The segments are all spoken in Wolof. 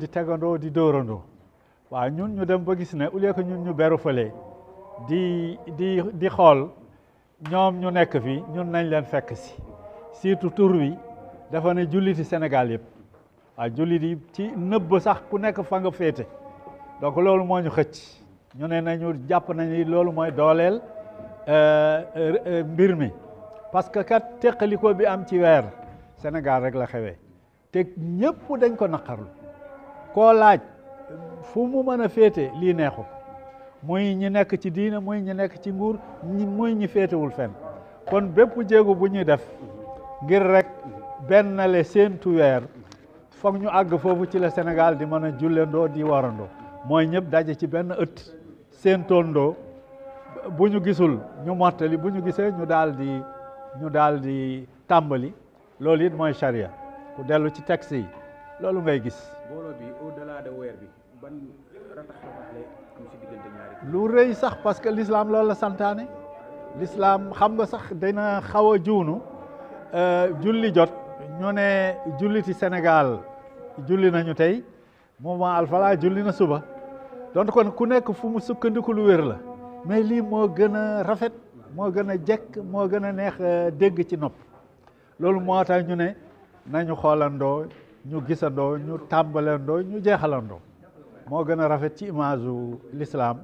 di tegandoo di dóorandoo waaw ñun ñu dem ba gis ne au que ñun ñu beru fële di di di xool ñoom ñu nekk fi ñun nañ leen fekk si surtout tur wi dafa ne julliti Sénégal yëpp waa jullit yi ci nëbb sax ku nekk fa nga féete donc loolu mooy ñu xëcc ñu ne nañu jàpp nañu loolu mooy dooleel euh, euh, mbir mi parce que kat teqaliko bi am ci weer Sénégal rek la xewee teg ñëpp dañ ko naqarlu koo laaj fu mu mën a féete lii neexu muy ñi nekk ci diina muy ñi nekk ci nguur muy ñi féetewul fen kon bépp jéego bu ñuy def ngir rek benn le séentu weer foog ñu àgg foofu ci la senegaal di mën a julleendoo di warandoo mooy ñëpp daje ci benn ët ëtt séentoondoo bu ñu gisul ñu mottali bu ñu gisee ñu daal di ñu daal di tàmbali loolu it mooy charia ku dellu ci texte yi loolu ngay gis. mbooloo bi au weer bi lu rëy sax parce que l'islam loolu la santaane lislaam xam nga sax dina xaw a juunu euh, julli jot ñu ne julliti Sénégal julli nañu tey mouvement Alfala julli na suba dont kon ku nekk fu mu sukkandiku lu wér la mais lii moo gën a rafet moo gën a jekk moo gën a neex euh, dégg ci nopp loolu moo tax ñu ne nañu xoolandoo. ñu gisandoo ñu tàmbalandoo ñu jeexalandoo moo gën a rafet ci image u l'islam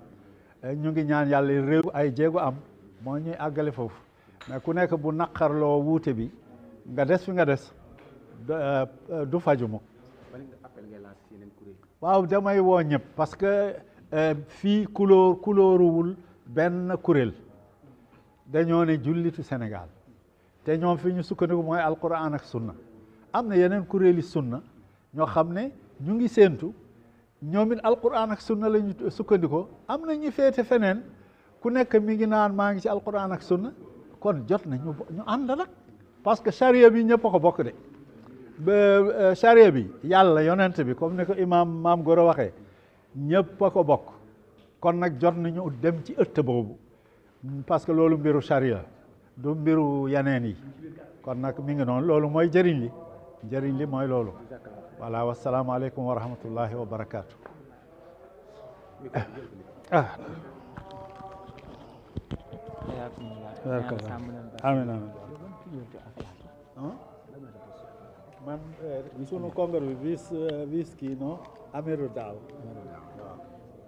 eh, ñu ngi ñaan yàlla réew ay jéego am moo ñuy àggale foofu mais ku nekk bu naqarloo wuute bi nga des fi nga des eh, du faju mukk waaw damay woo ñëpp parce que eh, fii couleur couleuruwul benn kuréel dañoo ne jullitu Sénégal te ñoom fi ñu sukkandiku mooy alquran ak sunna am na yeneen kuréeli sunna ñoo xam ne ñu ngi séentu ñoom it alquran ak sunna lañu sukkandikoo am na ñu féete feneen ku nekk mi ngi naan maa ngi ci alquran ak sunna kon jot na ñu ñu ànd nag parce que charia bi ñëpp ko bokk de ba charia bi yàlla yonent bi comme ni ko imaam maam Gora waxee ñëpp a ko bokk kon nag jot nañu dem ci ëtt boobu parce que loolu mbiru charia du mbiru yeneen yi kon nag mi ngi noonu loolu mooy jëriñ li njëriñ li mooy loolu voilà wasalaamaaleykum wa rahmatullahi wa barakaatu ah amin amin man eh, sunu kongar bi bis bis eh, kii no amiru daaw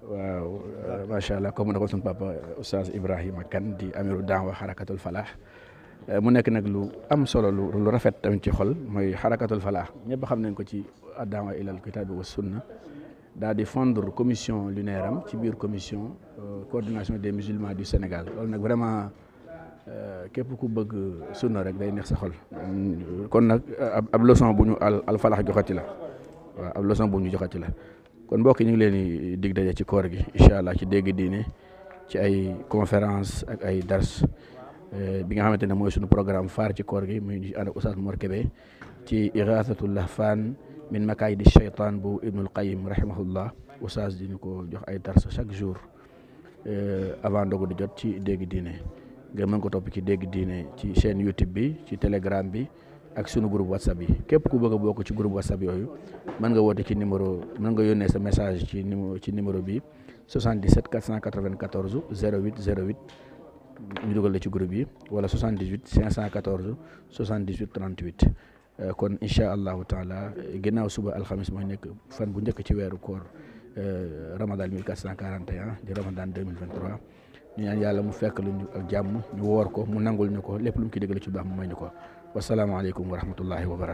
waaw eh, macha allah comme na ko sunu papa oustaz Ibrahima Kane di amiru daaw xarakatul falaax Euh, mu nekk nag lu am solo lu lu rafet tamit ci xol mooy xarakatul falaax ñëpp xam nañ ko ci addaawa ilal kitaabi wa sunna daal di fondre commission lunaire am ci biir commission euh, coordination des musulmans du Sénégal loolu nag vraiment euh, képp ku bëgg sunna rek day neex sa xol. kon nag ab leçon bu ñu al al falaax joxati la waa ab leçon bu ñu joxati la kon mbokk ñu ngi leen di dig daje ci koor gi incha allah ci dégg diine ci ay conférence ak ay dars. Eh, bi nga xamante ne mooy sunu programme phare ci koor gi muy ànd ak Oustaz Mor Kébé ci iraasatul lahfan min makaayidi shaytaan bu Ibnul Qayyim rahimahullah Oustaz di ñu ko jox ay dars chaque jour eh, avant ndogu di jot ci dégg diine nga mën ko topp ci dégg diine ci chaîne YouTube bi ci Telegram bi ak sunu groupe WhatsApp yi képp ku bëgg a bokk ci groupe WhatsApp yooyu mën nga woote ci numéro man nga yónnee sa message ci numéro ci numéro bi 77 494 08 08 ñu dugal la ci groupe yi wala 78 514 78 38 kon incha allahu taala ginnaaw suba alxamis mooy nekk fan bu njëkk ci weeru koor euh, ramadan 1441 di ramadan 2023 ñu ñaan yàlla mu fekk lu ñu ak jàmm ñu woor ko mu nangul ñu ko lépp lu mu ci déglu ci baax mu may ñu ko wasalaamaaleykum wa rahmatullahi wa barakatu